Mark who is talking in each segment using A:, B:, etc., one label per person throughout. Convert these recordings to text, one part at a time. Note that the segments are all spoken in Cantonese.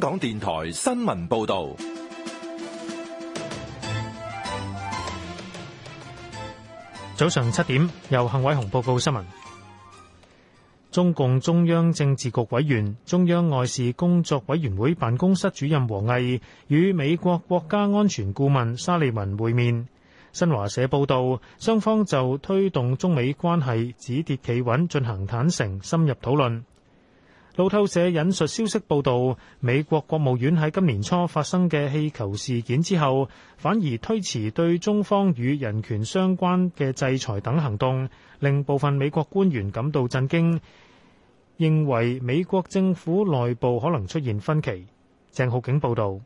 A: 香港電台新聞報道，
B: 早上七點，由幸偉雄報告新聞。中共中央政治局委員、中央外事工作委員會辦公室主任王毅與美國國家安全顧問沙利文會面。新華社報道，雙方就推動中美關係止跌企穩進行坦誠深入討論。路透社引述消息報道，美國國務院喺今年初發生嘅氣球事件之後，反而推遲對中方與人權相關嘅制裁等行動，令部分美國官員感到震驚，認為美國政府內部可能出現分歧。鄭浩景報道。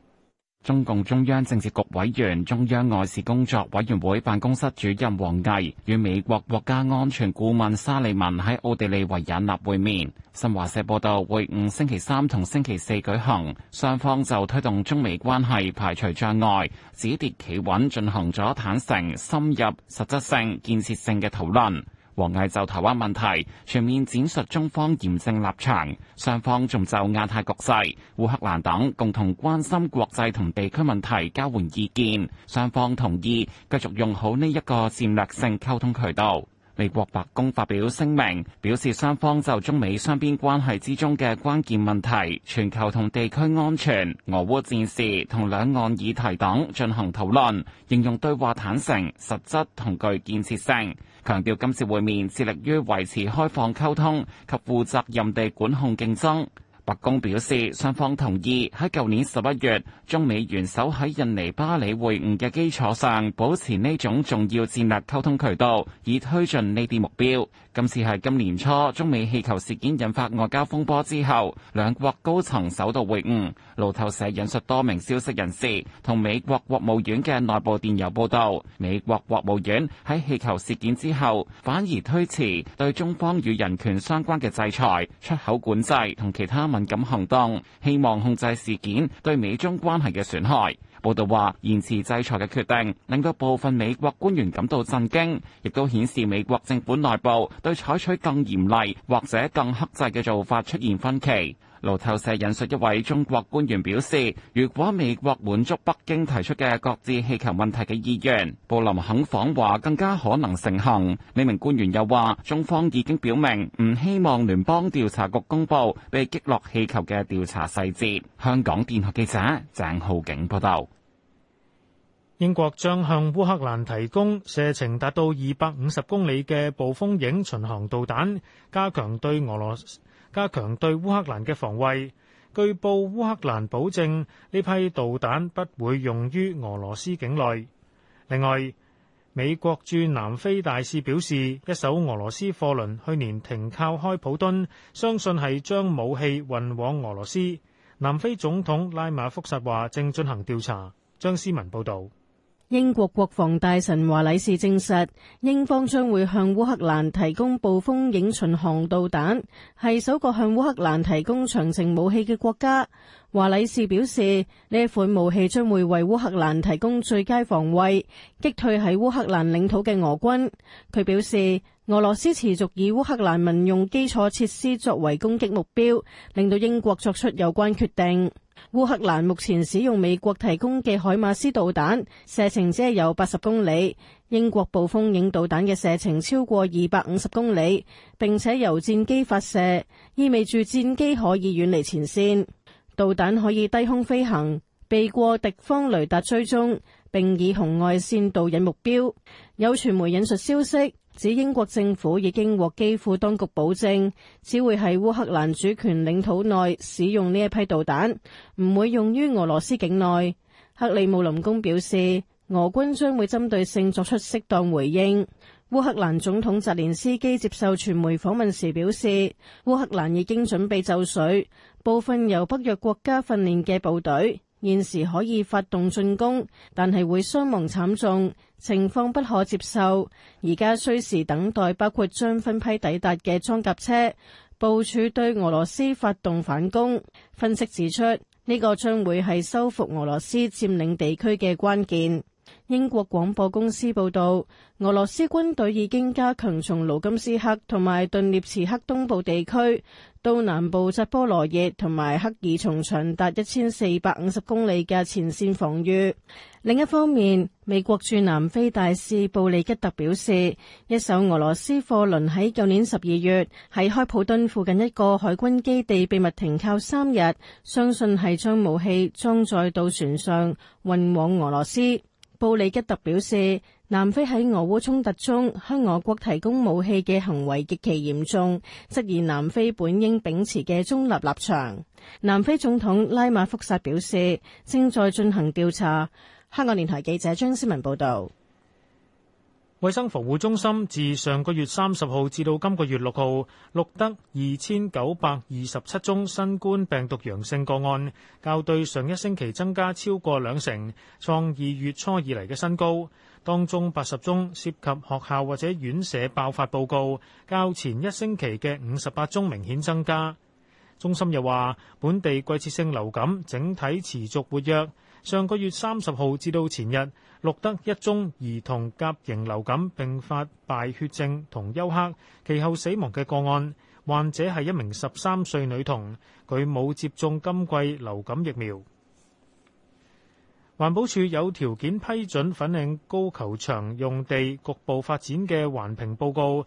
C: 中共中央政治局委員、中央外事工作委員會辦公室主任王毅與美國國家安全顧問沙利文喺奧地利維也納會面。新華社報道，會晤星期三同星期四舉行，雙方就推動中美關係排除障礙、止跌企穩進行咗坦誠、深入、實質性、建設性嘅討論。王毅就台灣問題全面展述中方嚴正立場，雙方仲就亞太局勢、烏克蘭等共同關心國際同地區問題交換意見，雙方同意繼續用好呢一個戰略性溝通渠道。美國白宮發表聲明，表示雙方就中美雙邊關係之中嘅關鍵問題、全球同地區安全、俄烏戰事同兩岸議題等進行討論，形容對話坦誠、實質同具建設性，強調今次會面致力於維持開放溝通及負責任地管控競爭。白宮表示，雙方同意喺舊年十一月中美元首喺印尼巴里會晤嘅基礎上，保持呢種重要戰略溝通渠道，以推進呢啲目標。今次係今年初中美氣球事件引發外交風波之後，兩國高層首度會晤。路透社引述多名消息人士同美國國務院嘅內部電郵報道，美國國務院喺氣球事件之後，反而推遲對中方與人權相關嘅制裁、出口管制同其他，敏感行動，希望控制事件對美中關係嘅損害。報道話，延遲制裁嘅決定令到部分美國官員感到震驚，亦都顯示美國政府內部對採取更嚴厲或者更克制嘅做法出現分歧。路透社引述一位中國官員表示，如果美國滿足北京提出嘅擱置氣球問題嘅意願，布林肯訪華更加可能成行。呢名官員又話，中方已經表明唔希望聯邦調查局公布被擊落氣球嘅調查細節。香港電台記者鄭浩景報道。
B: 英國將向烏克蘭提供射程達到二百五十公里嘅暴風影巡航導彈，加強對俄羅，加強對烏克蘭嘅防衛。據報烏克蘭保證呢批導彈不會用於俄羅斯境內。另外，美國駐南非大使表示，一艘俄羅斯貨輪去年停靠開普敦，相信係將武器運往俄羅斯。南非總統拉馬福薩話正進行調查。張思文報導。
D: 英國國防大臣華禮士證實，英方將會向烏克蘭提供暴風影巡航導彈，係首個向烏克蘭提供長程武器嘅國家。華禮士表示，呢一款武器將會為烏克蘭提供最佳防衛，擊退喺烏克蘭領土嘅俄軍。佢表示，俄羅斯持續以烏克蘭民用基礎設施作為攻擊目標，令到英國作出有關決定。烏克蘭目前使用美國提供嘅海馬斯導彈，射程只有八十公里。英國暴風影導彈嘅射程超過二百五十公里，並且由戰機發射，意味住戰機可以遠離前線。導彈可以低空飛行，避過敵方雷達追蹤，並以紅外線導引目標。有傳媒引述消息，指英國政府已經獲基輔當局保證，只會喺烏克蘭主權領土內使用呢一批導彈，唔會用於俄羅斯境內。克里姆林宮表示，俄軍將會針對性作出適當回應。烏克蘭總統澤連斯基接受傳媒訪問時表示，烏克蘭已經準備就緒，部分由北約國家訓練嘅部隊。現時可以發動進攻，但係會傷亡慘重，情況不可接受。而家需時等待包括將分批抵達嘅裝甲車部署，對俄羅斯發動反攻。分析指出，呢、這個將會係收復俄羅斯佔領地區嘅關鍵。英國廣播公司報道，俄羅斯軍隊已經加強從盧金斯克同埋頓涅茨克東部地區到南部扎波羅熱同埋克爾松長達一千四百五十公里嘅前線防禦。另一方面，美國駐南非大使布利吉特表示，一艘俄羅斯貨輪喺舊年十二月喺開普敦附近一個海軍基地秘密停靠三日，相信係將武器裝載到船上運往俄羅斯。布里吉特表示，南非喺俄烏衝突中向俄國提供武器嘅行為極其嚴重，質疑南非本應秉持嘅中立立場。南非總統拉馬福薩表示，正在進行調查。香港電台記者張思文報道。
B: 衛生防護中心自上個月三十號至到今個月六號錄得二千九百二十七宗新冠病毒陽性個案，較對上一星期增加超過兩成，創二月初以嚟嘅新高。當中八十宗涉及學校或者院舍爆發報告，較前一星期嘅五十八宗明顯增加。中心又話，本地季節性流感整體持續活躍。上個月三十號至到前日，錄得一宗兒童甲型流感並發敗血症同休克，其後死亡嘅個案。患者係一名十三歲女童，佢冇接種今季流感疫苗。環保署有條件批准粉嶺高球場用地局部發展嘅環評報告。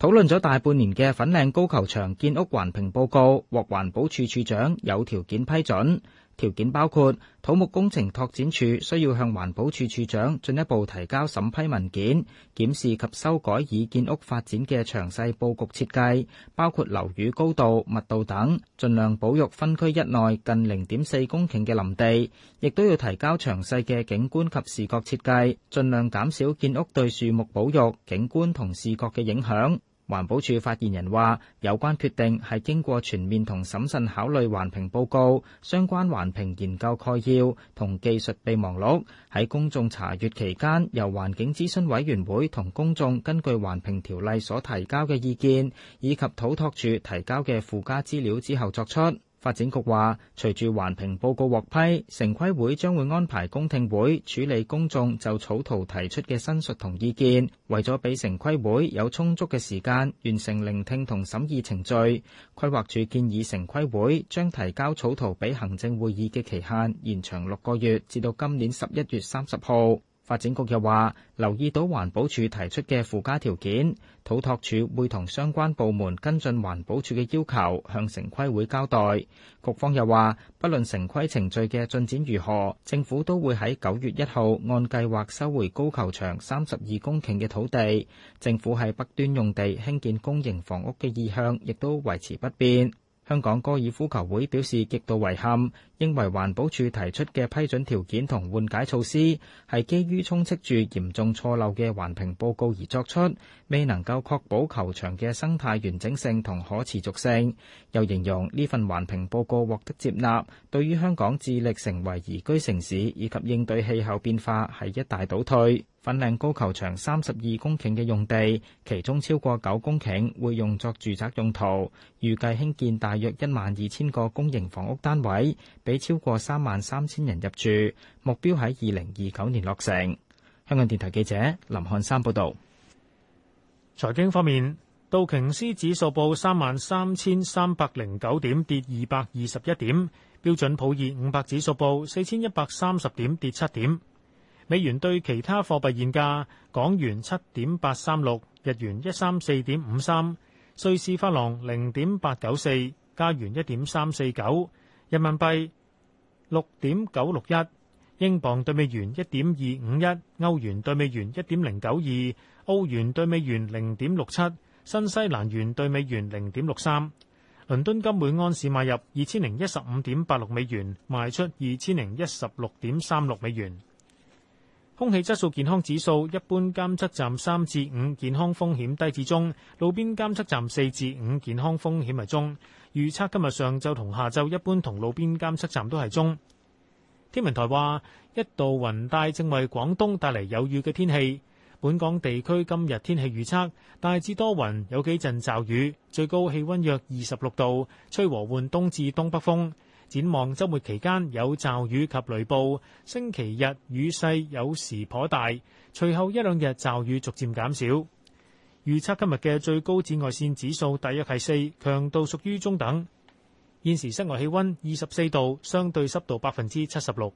A: 討論咗大半年嘅粉嶺高球場建屋環評報告獲環保處處長有條件批准，條件包括土木工程拓展處需要向環保處處長進一步提交審批文件，檢視及修改已建屋發展嘅詳細布局設計，包括樓宇高度、密度等，盡量保育分區一內近零點四公頃嘅林地，亦都要提交詳細嘅景觀及視覺設計，盡量減少建屋對樹木保育、景觀同視覺嘅影響。環保署發言人話：有關決定係經過全面同審慎考慮環評報告、相關環評研究概要同技術備忘錄喺公眾查閱期間，由環境諮詢委員會同公眾根據環評條例所提交嘅意見，以及土拓署提交嘅附加資料之後作出。發展局話，隨住環評報告獲批，城規會將會安排公聽會處理公眾就草圖提出嘅申述同意見，為咗俾城規會有充足嘅時間完成聆聽同審議程序，規劃署建議城規會將提交草圖俾行政會議嘅期限延長六個月，至到今年十一月三十號。發展局又話留意到環保署提出嘅附加條件，土託署會同相關部門跟進環保署嘅要求向城規會交代。局方又話，不論城規程序嘅進展如何，政府都會喺9香港高爾夫球會表示極度遺憾，認為環保署提出嘅批准條件同緩解措施係基於充斥住嚴重錯漏嘅環評報告而作出，未能夠確保球場嘅生態完整性同可持續性。又形容呢份環評報告獲得接納，對於香港致力成為宜居城市以及應對氣候變化係一大倒退。粉嶺高球場三十二公頃嘅用地，其中超過九公頃會用作住宅用途，預計興建大約一萬二千個公營房屋單位，俾超過三萬三千人
B: 入住。目標喺二零二九年落成。香港電台記者林漢山報道。財經方面，道瓊斯指數報三萬三千三百零九點，跌二百二十一點；標準普爾五百指數報四千一百三十點，跌七點。美元兌其他貨幣現價：港元七點八三六，日元一三四點五三，瑞士法郎零點八九四，加元一點三四九，人民幣六點九六一，英鎊對美元一點二五一，歐元對美元一點零九二，澳元對美元零點六七，新西蘭元對美元零點六三。倫敦金每安士買入二千零一十五點八六美元，賣出二千零一十六點三六美元。空氣質素健康指數，一般監測站三至五，健康風險低至中；路邊監測站四至五，健康風險係中。預測今日上晝同下晝，一般同路邊監測站都係中。天文台話，一道雲帶正為廣東帶嚟有雨嘅天氣。本港地區今日天氣預測大致多雲，有幾陣驟雨，最高氣温約二十六度，吹和緩東至東北風。展望周末期間有驟雨及雷暴，星期日雨勢有時頗大，隨後一兩日驟雨逐漸減少。預測今日嘅最高紫外線指數大約係四，強度屬於中等。現時室外氣溫二十四度，相對濕度百分之七十六。